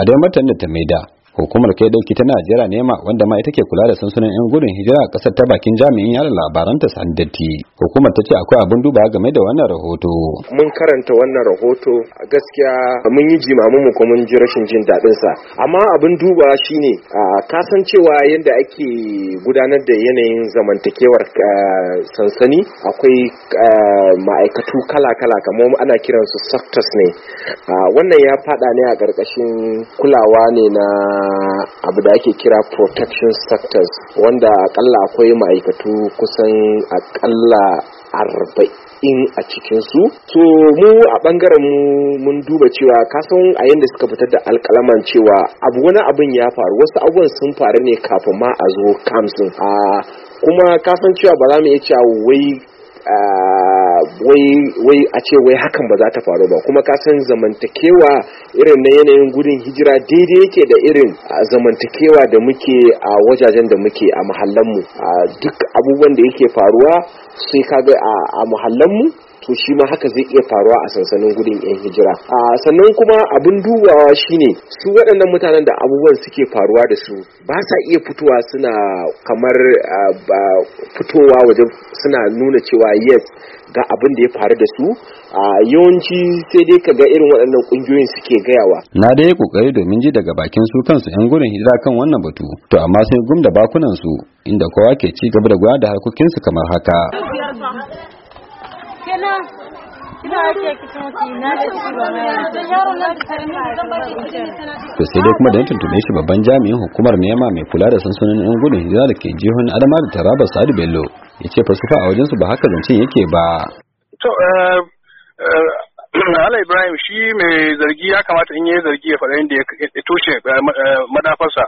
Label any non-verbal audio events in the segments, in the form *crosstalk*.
a dai matan da ta maida hukumar kai dauki ta Najeriya nema wanda ma ita ke kula da sansunan yan gudun hijira a kasar ta bakin jami'in ta labaranta datti. hukumar ta ce akwai abin duba game da wannan rahoto mun karanta wannan rahoto a gaskiya mun yi jimamin mu kuma mun ji rashin jin daɗin sa amma abin duba shine kasancewa yadda ake gudanar da yanayin zamantakewar sansani akwai ma'aikatu kala-kala kamar ana kiransu sectors ne wannan ya fada ne a ƙarƙashin kulawa ne na abu da ake kira protection sectors wanda akalla akwai ma'aikatu kusan akalla arba'in a cikinsu so mu a bangaren mun duba cewa kasan a yadda suka fitar da alkalaman cewa abu wani abin ya faru wasu abubuwan sun faru ne kafin ma a zo kamsin ah, kuma kasan cewa ba za mu iya cewa wai ah, wai a ce wai hakan ba za ta faru ba kuma ka san zamantakewa irin na yanayin gudun hijira daidai yake da irin zamantakewa da muke a wajajen da muke a mahallanmu duk abubuwan da yake faruwa sai kaga a mahallanmu to shi ma haka zai iya faruwa a sansanin gudun yan hijira a sannan kuma abin dubawa shine su waɗannan mutanen da abubuwan suke faruwa da su ba sa iya fitowa suna kamar fitowa wajen suna nuna cewa yes ga abin da ya faru da su a yawanci sai dai ka ga irin waɗannan ƙungiyoyin suke gayawa na da ya ƙoƙari domin ji daga bakin su kansu yan gurin hijira kan wannan batu to amma sai gum da bakunan su inda kowa ke ci gaba da gudanar da harkokinsu kamar haka kenan to sai dai kuma da tuntube shi babban jami'in hukumar nema mai kula da sansanin yan gudun hijira da ke jihun adama da taraba sadu bello ya ce fasufa a wajensu ba haka zancen yake ba to e, e, *clears throat* ala ibrahim shi mai zargi ya kamata in yi zargi ya faɗa inda ya e, toshe madafarsa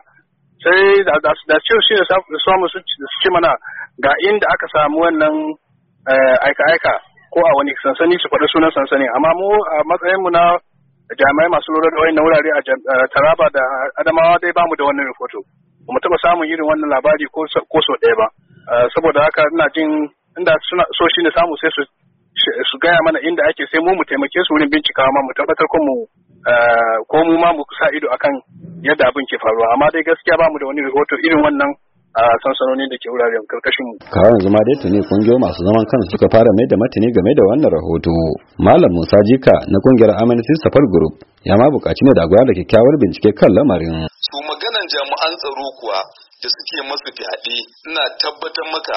sai da ce shi da samu su ce mana ga inda aka samu wannan aika-aika ko a wani sansani su faɗi sunan sansani amma mu a matsayin mu na jami'ai masu lura da wani wurare a taraba da adamawa dai bamu da wannan rahoto Kuma mu taɓa samun irin wannan labari ko so ɗaya ba saboda haka ina jin inda suna so shi ne samu sai su su gaya mana inda ake sai mu mu taimake su wurin bincikawa ma mu tabbatar ko mu ko mu ma mu sa ido akan yadda abin ke faruwa amma dai gaskiya bamu da wani rahoto irin wannan a sansanoni da ke wuraren karkashin mu. Kawo yanzu ma dai tuni kungiyoyi masu zaman kansu suka fara mai da matani game da wannan rahoto. Malam Musa Jika na kungiyar Amnesty Safar Group ya ma bukaci ne da gwaya da kyakkyawar bincike kan lamarin. Su maganan jami'an tsaro kuwa da suke masu fyaɗe ina tabbatar maka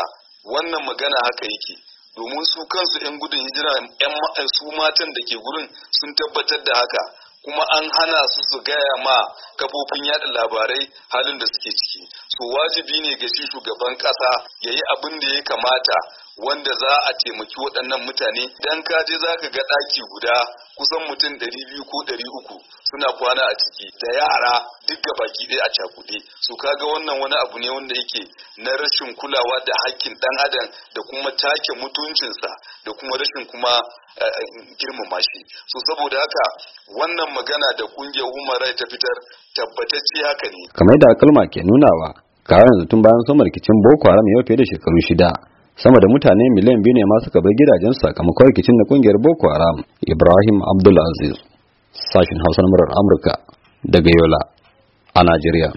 wannan magana haka yake. domin su kansu 'yan gudun hijira 'yan su matan da ke gurin sun tabbatar da haka kuma an hana su su gaya ma kafofin yaɗa labarai halin da suke ciki su wajibi ne ga shi shugaban ƙasa ya yi abin da ya kamata wanda za a taimaki waɗannan mutane dan ka je za ka ga ɗaki guda kusan mutum ɗari biyu ko ɗari uku suna kwana a ciki da yara duk ga baki ɗaya a cakuɗe su kaga wannan wani abu ne wanda yake na rashin kulawa da hakkin ɗan adam da kuma take mutuncinsa da kuma rashin kuma eh, girmama shi so saboda haka wannan magana da kungiyar human rights ta fitar tabbatacce haka ne kamar da kalma ke nunawa kawai yanzu tun bayan somar rikicin boko haram yau fiye da shekaru shida sama da mutane miliyan biyu ne ma suka bar gidajen sakamakon rikicin na kungiyar Boko Haram Ibrahim Abdulaziz sashin Hausa na murar Amurka daga Yola a Najeriya